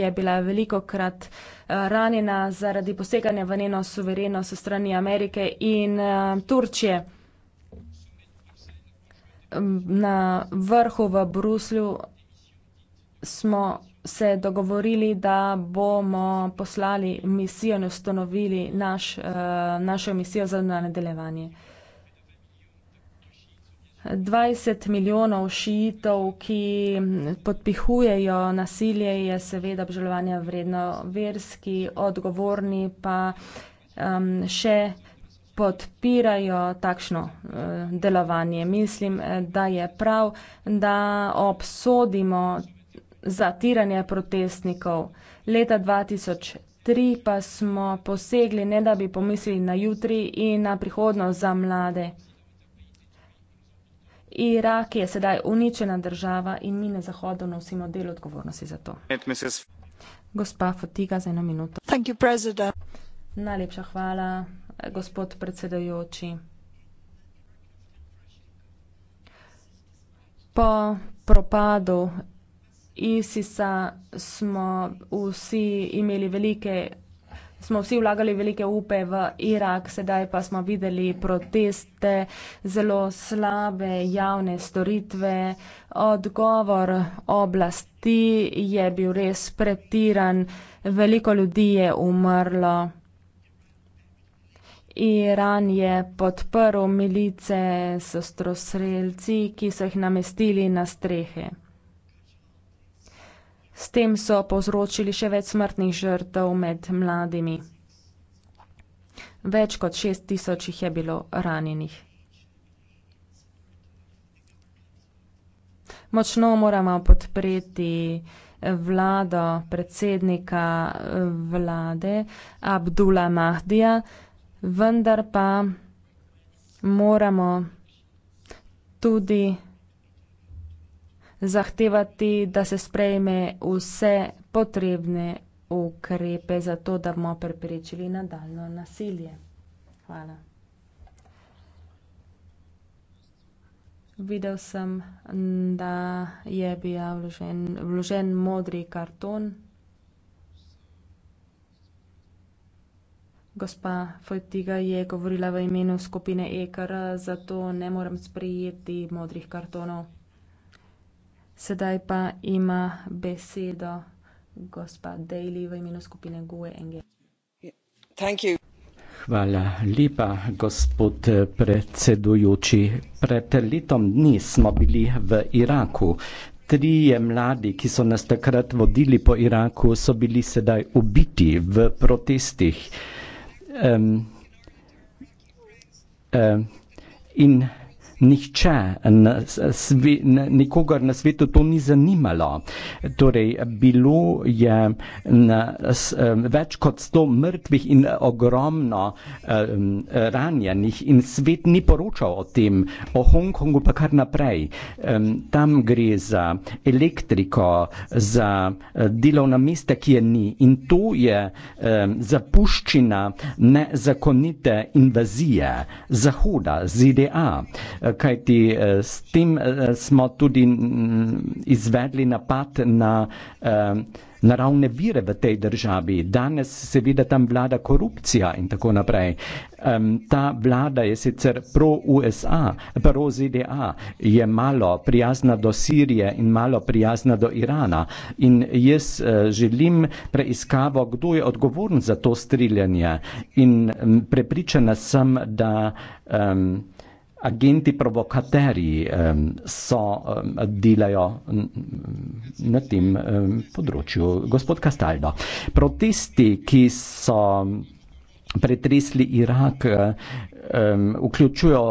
Speaker 4: je bila veliko krat eh, ranjena zaradi poseganja v njeno suverenost strani Amerike in eh, Turčije na vrhu v Bruslju smo se dogovorili, da bomo poslali misijo in ustanovili naš, eh, našo misijo za nadaljevanje. Dvajset milijonov šiitov, ki podpihujejo nasilje, je seveda obžalovanja vredno. Verski odgovorni pa, še podpirajo takšno uh, delovanje. Mislim, eh, da je prav, da obsodimo zatiranje protestnikov. Leta 2003 pa smo posegli, ne da bi pomislili na jutri in na prihodnost za mlade. Irak je sedaj uničena država in mi na Zahodu nosimo del odgovornosti za to. Gospa Fotiga, za eno minuto. Najlepša hvala gospod predsedajoči. Po propadu ISIS-a smo vsi imeli velike, smo vsi vlagali velike upe v Irak, sedaj pa smo videli proteste, zelo slabe javne storitve. Odgovor oblasti je bil res pretiran, veliko ljudi je umrlo. Iran je podprl milice s strostrelci, ki so jih namestili na strehe. S tem so povzročili še več smrtnih žrtev med mladimi. Več kot šest tisoč jih je bilo ranjenih. Močno moramo podpreti vlado predsednika eh, vlade Abdula Mahdija, vendar pa moramo tudi zahtevati, da se sprejme vse potrebne ukrepe za to, da bomo preprečili nadaljno nasilje. Hvala. Videl sem, da je bil vložen, vložen modri karton. Gospa Fojtiga je govorila v imenu skupine EKR, zato ne morem sprijeti modrih kartonov. Sedaj pa ima besedo gospa Daly v imenu skupine GUE
Speaker 2: NG.
Speaker 3: Hvala lepa, gospod predsedujoči. Pred letom dni smo bili v Iraku. Trije mladi, ki so nas takrat vodili po Iraku, so bili sedaj ubiti v protestih in nihče, na, svi, na, nikogar na svetu to ni zanimalo. Torej, bilo je na, s, več kot sto mrtvih in ogromno um, ranjenih in svet ni poročal o tem, o Hongkongu pa kar naprej. Um, tam gre za elektriko, za eh, delovna mesta, ki je ni in to je um, zapuščina nezakonite invazije Zahoda, ZDA kajti eh, s tem eh, smo tudi mm, izvedli napad na eh, naravne vire v tej državi. Danes seveda tam vlada korupcija in tako naprej. Ta vlada je sicer pro-USA, pro-ZDA, je malo prijazna do Sirije in malo prijazna do Irana. In jaz želim preiskavo, kdo je odgovoren za to striljanje. In prepričana sem, da um, agenti provokaterji so, delajo na tem področju. Gospod Kastaldo, protesti, ki so pretresli Irak, vključujo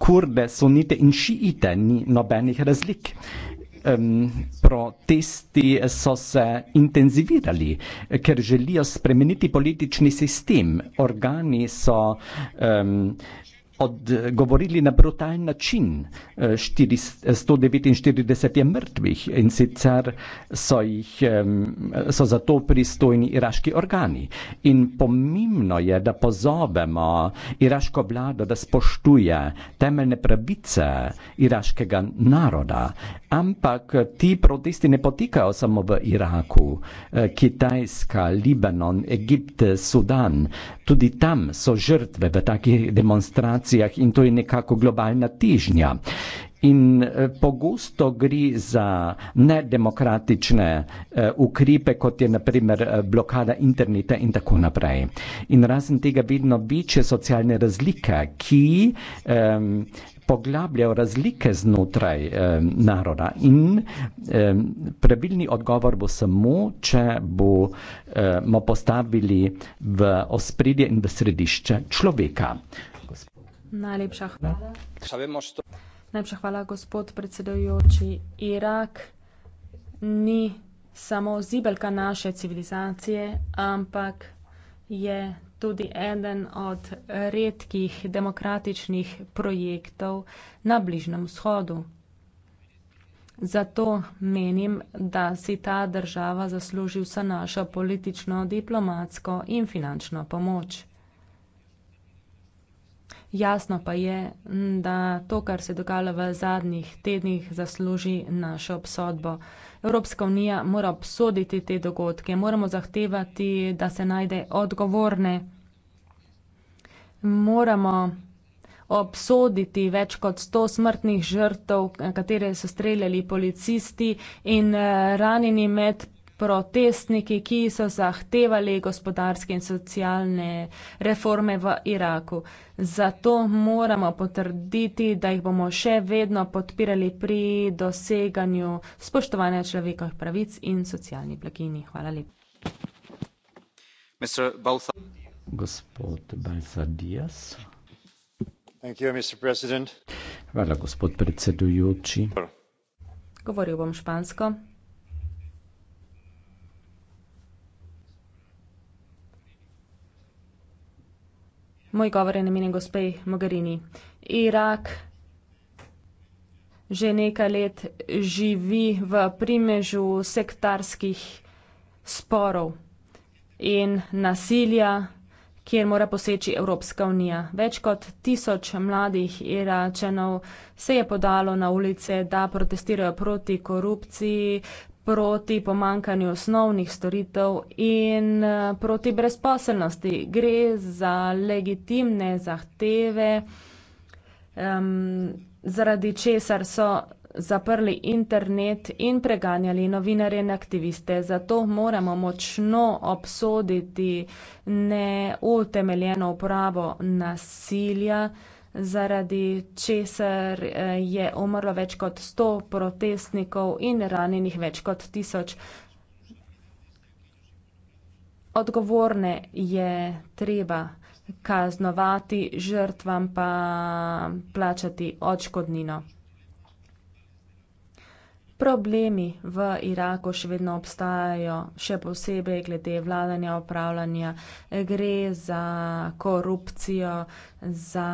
Speaker 3: kurde, sunite in šiite, ni nobenih razlik. Um, protesti so se intenzivirali, ker želijo spremeniti politični sistem. Organi so um, odgovorili na brutalen način. 149 eh, eh, je mrtvih in sicer so, jih, so za to pristojni iraški organi. In pomembno je, da pozovemo iraško vlado, da spoštuje temeljne pravice iraškega naroda ampak eh, ti protesti ne potikajo samo v Iraku, eh, Kitajska, Libanon, Egipt, eh, Sudan. Tudi tam so žrtve v takih demonstracijah in to je nekako globalna tižnja. In pogosto gre za nedemokratične ukripe, kot je naprimer blokada interneta in tako naprej. In razen tega vedno večje socialne razlike, ki. Um, poglabljal razlike znotraj eh, naroda in eh, pravilni odgovor bo samo, če bomo eh, postavili v ospredje in v središče človeka.
Speaker 4: Najlepša hvala. Najlepša hvala, gospod predsedujoči. Irak ni samo zibelka naše civilizacije, ampak je tudi eden od redkih demokratičnih projektov na Bližnem vzhodu. Zato menim, da si ta država zasluži vsa naša politično, diplomatsko in finančno pomoč. Jasno pa je, da to, kar se dogaja v zadnjih tednih, zasluži našo obsodbo. Evropska unija mora obsoditi te dogodke, moramo zahtevati, da se najde odgovorne moramo obsoditi več kot sto smrtnih žrtev, katere so streljali policisti in eh, ranjeni med protestniki, ki so zahtevali gospodarske in socialne reforme v Iraku. Zato moramo potrditi, da jih bomo še vedno podpirali pri doseganju spoštovanja človekovih pravic in socialni blaginji.
Speaker 3: Hvala lepa. Hvala, gospod predsedujoči.
Speaker 4: Govoril bom špansko. Moj govor je namenjen gospe Mogherini. Irak že nekaj let živi v primežu sektarskih sporov in nasilja kjer mora poseči Evropska unija. Več kot tisoč mladih Iračanov se je podalo na ulice, da protestirajo proti korupciji, proti pomankanju osnovnih storitev in eh, proti brezposelnosti. Gre za legitimne zahteve, um, zaradi česar so zaprli internet in preganjali novinarje in aktiviste. Zato moramo močno obsoditi neutemeljeno uporabo nasilja, zaradi česar eh, je umrlo več kot 100 protestnikov in ranjenih več kot tisoč. Odgovorne je treba kaznovati, žrtvam pa plačati odškodnino. Problemi v Iraku še vedno obstajajo, še posebej glede vladanja, upravljanja. Gre za korupcijo, za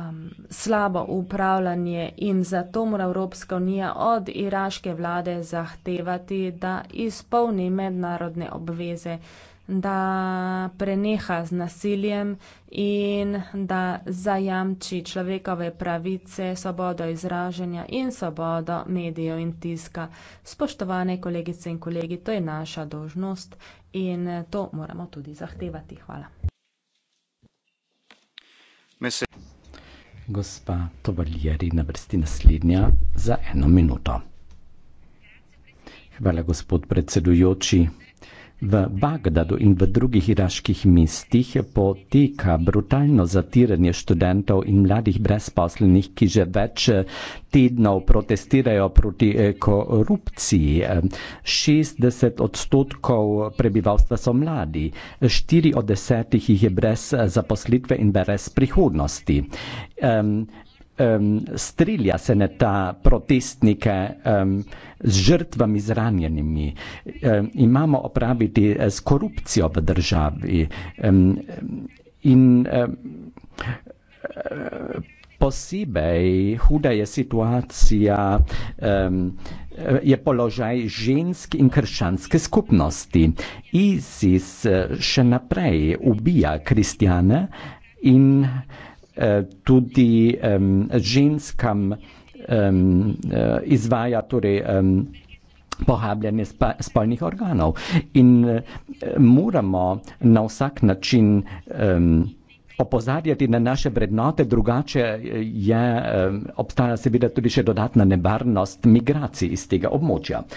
Speaker 4: um, slabo upravljanje in zato mora Evropska unija od iraške vlade zahtevati, da izpolni mednarodne obveze da preneha z nasiljem in da zajamči človekove pravice, svobodo izražanja in svobodo medijev in tiska. Spoštovane kolegice in kolegi, to je naša dožnost in to moramo tudi zahtevati. Hvala.
Speaker 3: Gospa Tovaljeri, na vrsti naslednja za eno minuto. Hvala, gospod predsedujoči. V Bagdadu in v drugih iraških mestih poteka brutalno zatiranje študentov in mladih brezposlenih, ki že več eh, tednov protestirajo proti eh, korupciji. 60 odstotkov prebivalstva so mladi, 4 od 10 jih je brez eh, zaposlitve in brez prihodnosti. Um, um, strilja se ne ta protestnike. Um, z žrtvami, z ranjenimi. E, imamo opraviti eh, s korupcijo v državi. E, in e, posebej huda je situacija, e, je položaj žensk in krščanske skupnosti. ISIS še naprej ubija kristjane in e, tudi e, ženskam um, izvaja torej, um, pohabljanje spolnih organov. In uh, moramo na vsak način um, opozarjati na naše vrednote, drugače e, je um, obstajala seveda tudi še dodatna nevarnost migracij iz tega območja. Uh,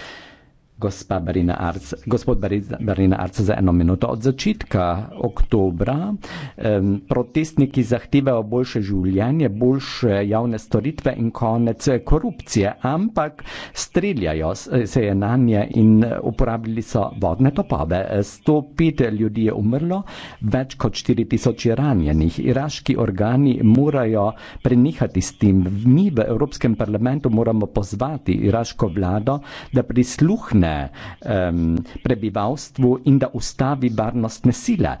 Speaker 3: gospa Barina Arc, gospod Barina Arc, za eno minuto. Od začetka oktobra eh, protestniki zahtevajo boljše življenje, boljše javne storitve in konec korupcije, ampak streljajo se je na nje in uporabili so vodne topove. 105 ljudi je umrlo, več kot 4000 je ranjenih. Iraški organi morajo prenehati s tem. Mi v Evropskem parlamentu moramo pozvati iraško vlado, da prisluhne skupine um, prebivalstvu in da ustavi varnostne sile.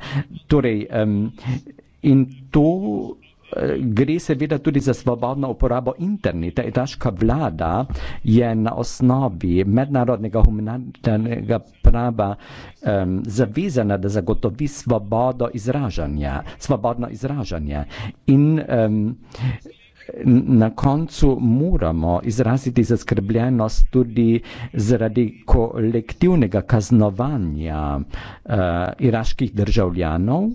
Speaker 3: Torej, um, in to eh, gre seveda tudi za svobodno uporabo interneta. Itaška vlada je na osnovi mednarodnega humanitarnega prava um, zavezana, da zagotovi svobodo izražanja, svobodno izražanje. In um, na koncu moramo izraziti zaskrbljenost tudi zaradi kolektivnega kaznovanja uh, iraških državljanov, um,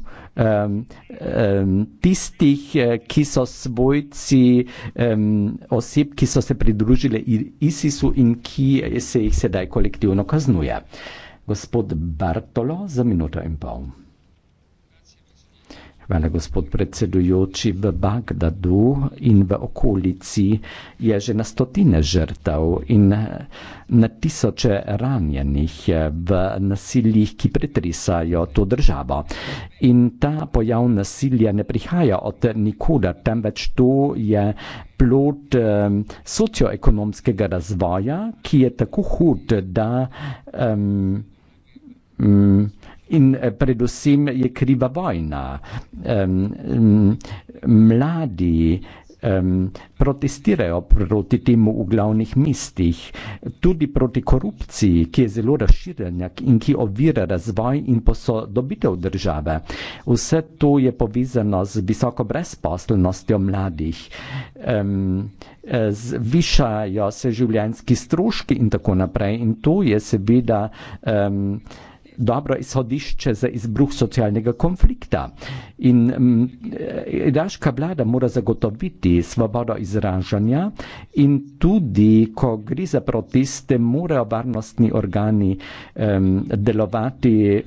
Speaker 3: um, tistih, ki so svojci um, oseb, ki so se pridružile ISIS-u in ki se jih sedaj kolektivno kaznuje. Gospod Bartolo, za minuto in pol. Hvala, gospod predsedujoči. V Bagdadu in v okolici je že na stotine žrtev in eh, na tisoče ranjenih eh, v nasiljih, ki pretresajo to državo. In ta pojav nasilja ne prihaja od nikoda, temveč to je plot um, eh, socioekonomskega razvoja, ki je tako hud, da. Um, um, in eh, predvsem je kriva vojna. Mladi protestirajo proti temu v glavnih mestih, tudi proti korupciji, ki je zelo razširjena in ki ovira razvoj in posodobitev države. Vse to je povezano z visoko brezposelnostjo mladih, eh, zvišajo se življenski stroški in tako naprej. In to je seveda dobro izhodišče za izbruh socialnega konflikta. In mm, eh, iraška vlada mora zagotoviti svobodo izražanja in tudi, ko gre za proteste, morajo varnostni organi um, delovati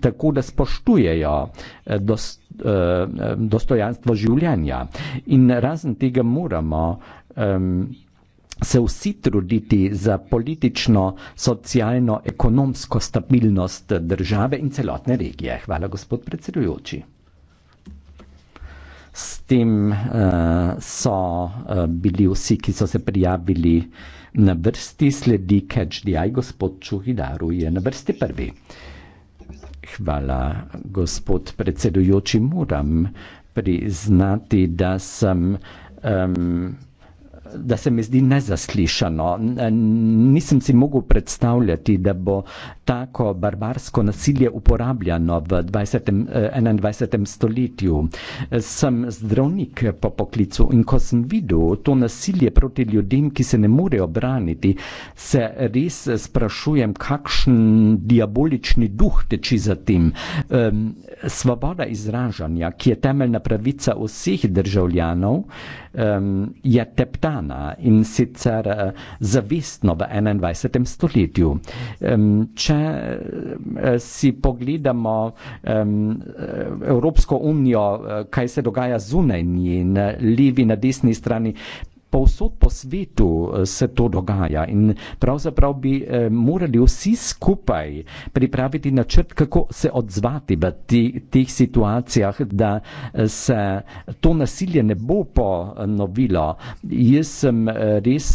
Speaker 3: tako, da spoštujejo eh, dost, uh, eh, dostojanstvo življenja. In razen tega moramo um, se vsi truditi za politično, socialno, ekonomsko stabilnost države in celotne regije. Hvala, gospod predsedujoči. S tem uh, so uh, bili vsi, ki so se prijavili na vrsti, sledi KHDI, gospod Čuhidaru je na vrsti prvi. Hvala, gospod predsedujoči. Moram priznati, da sem um, da se mi zdi nezaslišano. Nisem si mogel predstavljati, da bo tako barbarsko nasilje uporabljano v 20, 21. Eh, stoletju. Sem zdravnik po poklicu in ko sem videl to nasilje proti ljudem, ki se ne morejo braniti, se res sprašujem, kakšen diabolični duh teči za tem. Svoboda izražanja, ki je temeljna pravica vseh državljanov, je teptana dana in sicer eh, zavestno v 21. stoletju. Če eh, si pogledamo Evropsko unijo, eh, kaj se dogaja zunaj njen, levi na desni strani, povsod po svetu eh, se to dogaja in pravzaprav bi eh, morali vsi skupaj pripraviti načrt, kako se odzvati v teh situacijah, da eh, se to nasilje ne bo ponovilo. Jaz sem res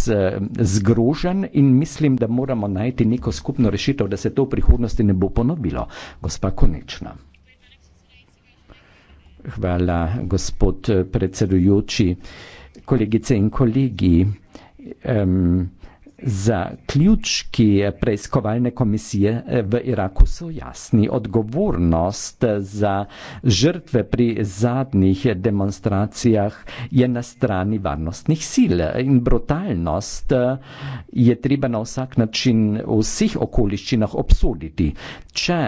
Speaker 3: zgrožen in mislim, da moramo najti neko skupno rešitev, da se to v prihodnosti ne bo ponovilo. Gospa Konečna. Hvala, gospod predsedujoči kolegice in kolegi. Um, Zaključki preiskovalne komisije eh, v Iraku so jasni. Odgovornost eh, za žrtve pri zadnjih demonstracijah je na strani varnostnih sil in brutalnost eh, je treba na vsak način v vseh okoliščinah obsoditi. Če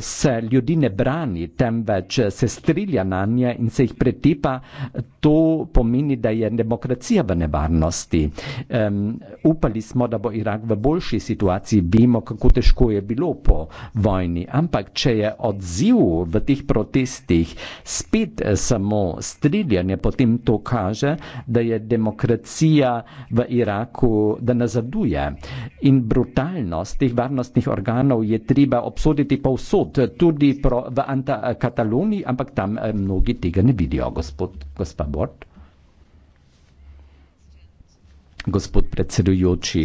Speaker 3: se ljudi ne brani, temveč se strilja na nje in se jih pretipa, to pomeni, da je demokracija v nevarnosti. Um, upali smo, da bo Irak v boljši situaciji, vemo, kako težko je bilo po vojni, ampak če je odziv v teh protestih spet eh, samo striljanje, potem to kaže, da je demokracija v Iraku, da nazaduje. In brutalnost teh varnostnih organov, Katalanov je treba obsoditi povsod, tudi pro, v Kataloniji, ampak tam eh, mnogi tega ne vidijo, gospod, gospa Bort. Gospod predsedujoči,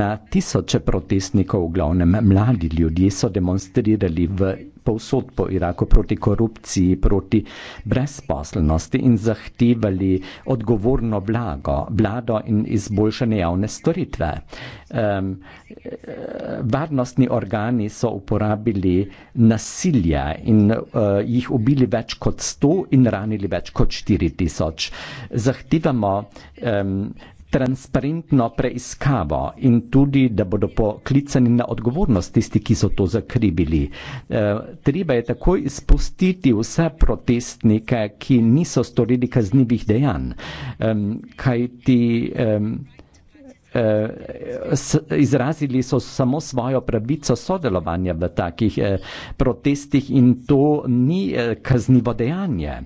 Speaker 3: na tisoče protestnikov, v glavnem mladi ljudje, so demonstrirali v povsod po Iraku proti korupciji, proti brezposelnosti in zahtevali odgovorno blago, blado in izboljšane javne storitve. Um, varnostni organi so uporabili nasilje in uh, jih ubili več kot 100 in ranili več kot 4000. Zahtevamo um, transparentno preiskavo in tudi, da bodo poklicani na odgovornost tisti, ki so to zakribili. E, eh, treba je takoj izpustiti vse protestnike, ki niso storili kaznjivih dejanj, e, kajti e, e, s, izrazili so samo svojo pravico sodelovanja v takih e, protestih in to ni e, kaznivo dejanje.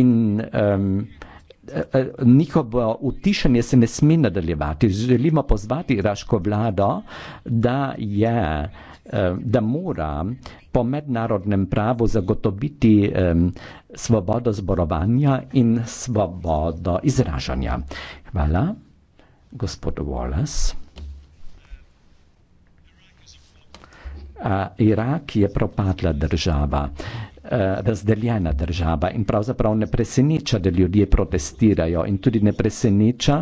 Speaker 3: In, e, Eh, eh, njihovo utišanje se ne sme nadaljevati. Želimo pozvati iraško vlado, da je eh, da mora po mednarodnem pravu zagotoviti svobodo zborovanja in svobodo izražanja. Hvala, gospod Wallace. Irak je propadla država. Eh, razdeljena država in pravzaprav ne preseneča, da ljudje protestirajo in tudi ne preseneča,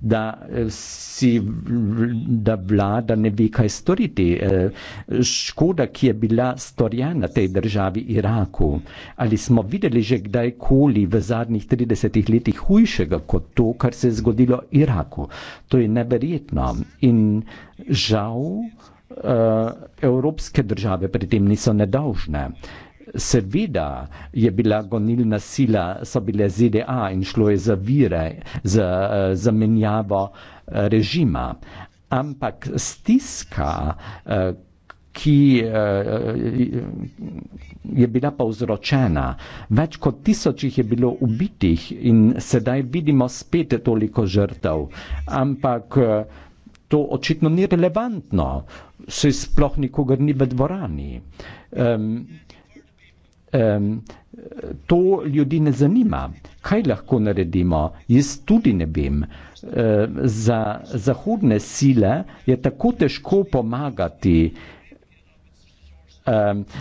Speaker 3: da, eh, si, da vlada ne ve, kaj storiti. Eh, škoda, ki je bila storjena tej državi Iraku, ali smo videli že kdajkoli v zadnjih 30 letih hujšega kot to, kar se je zgodilo Iraku. To je neverjetno in žal Evropske države pri tem niso nedolžne seveda je bila gonilna sila, so bile ZDA in šlo je za vire, za eh, zamenjavo eh, režima. Ampak stiska, eh, ki je bila povzročena, več kot tisočih je bilo ubitih in sedaj vidimo spet toliko žrtev. Ampak to očitno ni relevantno, se sploh nikogar ni v dvorani. Um, um, to ljudi ne zanima. Kaj lahko naredimo? Jaz tudi ne vem. Um, za zahodne sile je tako težko pomagati um,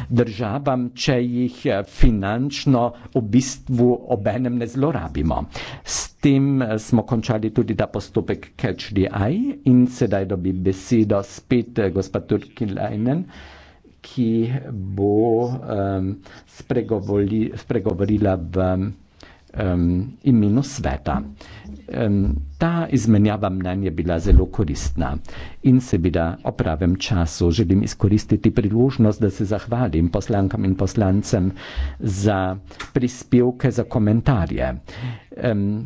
Speaker 3: državam, če jih eh, finančno v bistvu obenem ne zlorabimo. S tem eh, smo končali tudi ta postopek Catch the Eye in sedaj dobi besedo spet eh, gospod Turkin Leinen ki bo um, spregovori, spregovorila v um, imenu sveta. Um, ta izmenjava mnen je bila zelo koristna in seveda o pravem času želim izkoristiti priložnost, da se zahvalim poslankam in poslancem za prispevke, za komentarje. Um,